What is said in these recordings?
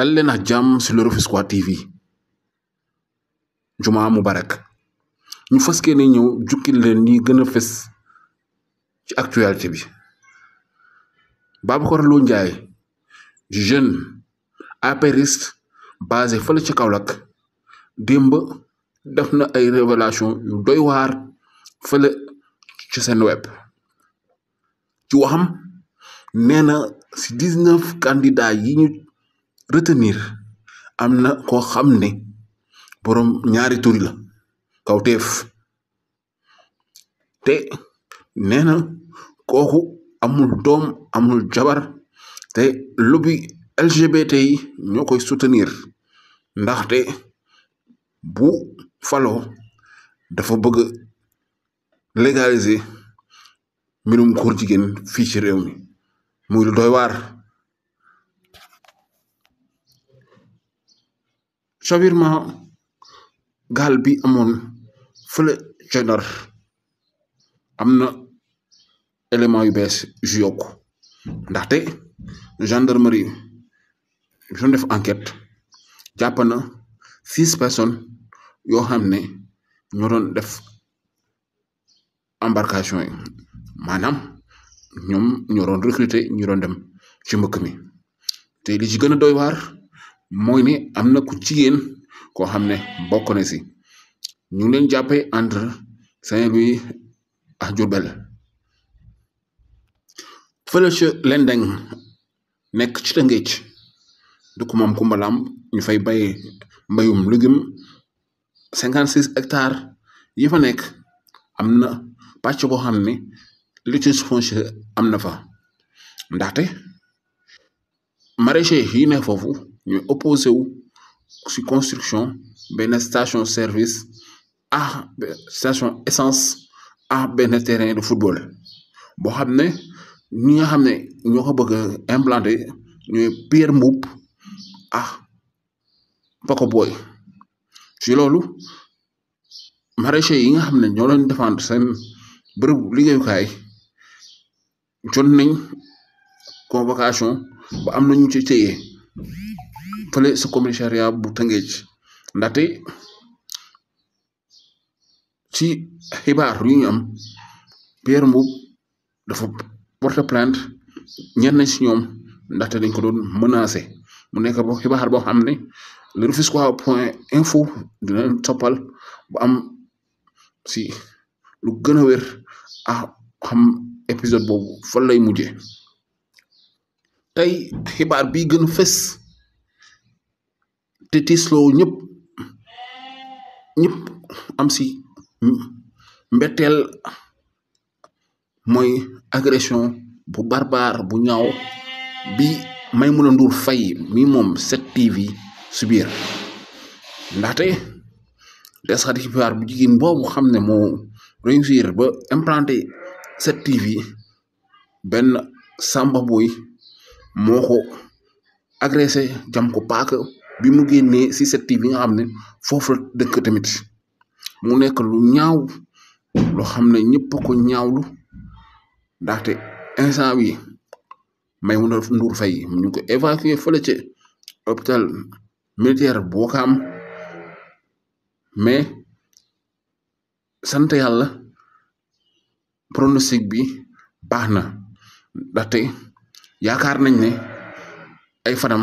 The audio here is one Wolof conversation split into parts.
dal leen ak jàmm ci le Rufisquois TV mu mubarak ñu fas yéene ñëw jukkil leen ñi gën a fës ci actualité bi Babacar Lo Ndiaye du jeune apériste basé fële ci Kaolack démb def na ay révélation yu doy waar fële ci seen web ci waxam nee na dix-neuf candidats yi retenir am na koo xam ne boroom ñaari tur la kawteef te nee na kooku amul doom amul jabar te lobby LGBT yi ñoo koy soutenir ndaxte bu falo dafa bëgg légaliser mbirum góor jigéen fii ci réew mi muy lu doy chavirement gaal bi amoon fële ca Ndar am na élément yu bees yu yokku ndaxte gendarmerie bi doon def enquête jàpp na six personnes yoo xam ne ñoo doon def embarcation yi maanaam ñoom ñoo doon recruter ñu dem ci mbëkk mi te li ci gën mooy ne am na ku jigéen koo xam ne bokk na si ñu ngi leen jàppee entre Saint-Louis ak Diourbel fële ca Lendeng nekk ci Tëngéej dëkk maam Kumba Lamb ñu fay bay mbayum légume cinquante six hectares yi fa nekk am na pàcc boo xam ne littus foncier am na fa ndaxte maraîcher yi ne foofu ñu opposé wu ci construction benn station service ah station essence ah benn terrain de football boo xam ne ñi nga xam ne ñoo ko bëgg a implanté ñooy Pierre Mboup ah Paco Boy ci loolu maraîcher yi nga xam ne ñoo leen défendre seen bërëb liggéeyukaay jot nañ convocation ba am nañu ci téye fële sa commissariat bu Tëngéej ndaxte ci xibaar yu ñu am Pierre Mboup dafa porte plainte ñenn ci ñoom ndaxte dañ ko doon menacé mu nekk bo xibaar boo xam ne le Rufisquois point info dina toppal bu am si lu gën a wér a xam épisode boobu fan lay mujje tey xibaar bi gën a te tiisloo ñëpp ñëpp am si mbetteel mooy agression bu barbare bu ñaaw bi Maimouna Ndour fay mi moom 7TV subir ndaxte desxat xibaar bu jigéen boobu xam ne moo réussir ba implanté 7TV benn sàmba boy moo ko ko paaka bi mu génnee si set TV bi nga xam ne foofu la dëkk tamit mu nekk lu ñaaw loo xam ne ñëpp ko ñaawlu ndaxte instant bi Maimouna Ndour Faye ñu ngi ko évacué fële ca hôpital militaire Bookam mais sant yàlla pronostic bi baax na ndaxte yaakaar nañ ne ay fanam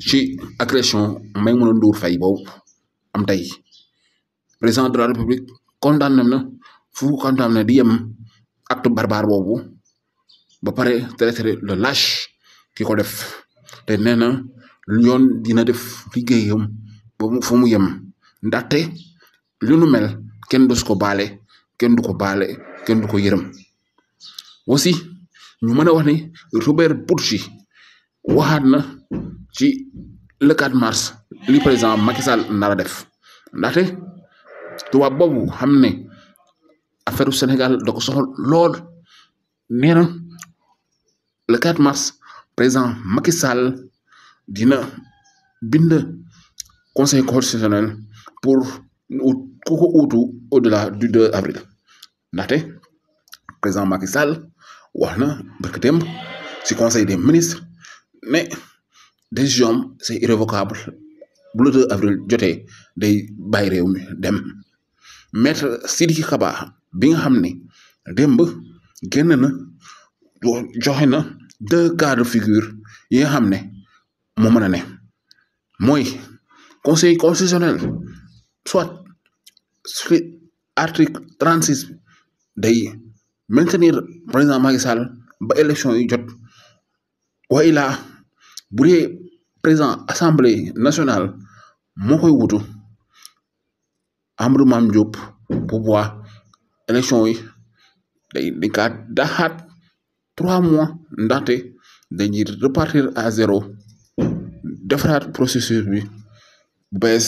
ci agression Maïmouna Ndour fay am tay président de la république condamne na vous condamné di acte barbare bobu ba très très le lâche qui ko def te néna na dina def liggéeyam ba mu fu mu mel ken ko balé ken du ko balé ken du ko yërem aussi ñu mëna wax ni Robert Bourgi na ci le 4 mars le président Macky Sall nar pas. def ndaxte tubaab boobu xam au Sénégal donc soxol soxal lool nee le 4 mars président Macky Sall dina bind conseil constitutionnel pour nous au delà du 2 avril ndaxte président Macky Sall waxna na barki conseil des ministres mais. décision am c'est irrévocable bu le 2 avril jotee day bàyyi réew mi dem maître Sidiki Kaba bi nga xam ni démb génn na joxe na deux cas de figure yi nga xam ne moo mën a ne mooy conseil constitutionnel soit article trente six day maintenir président Macky Sall ba élection yi jot wa ilaa bu dee président assemblée nationale moo koy wutu Amadou Mame Diop bu boobaa élection yi day dañ kaa daxaat trois mois ndaxte dañuy repartir à zéro defaraat processus bi bees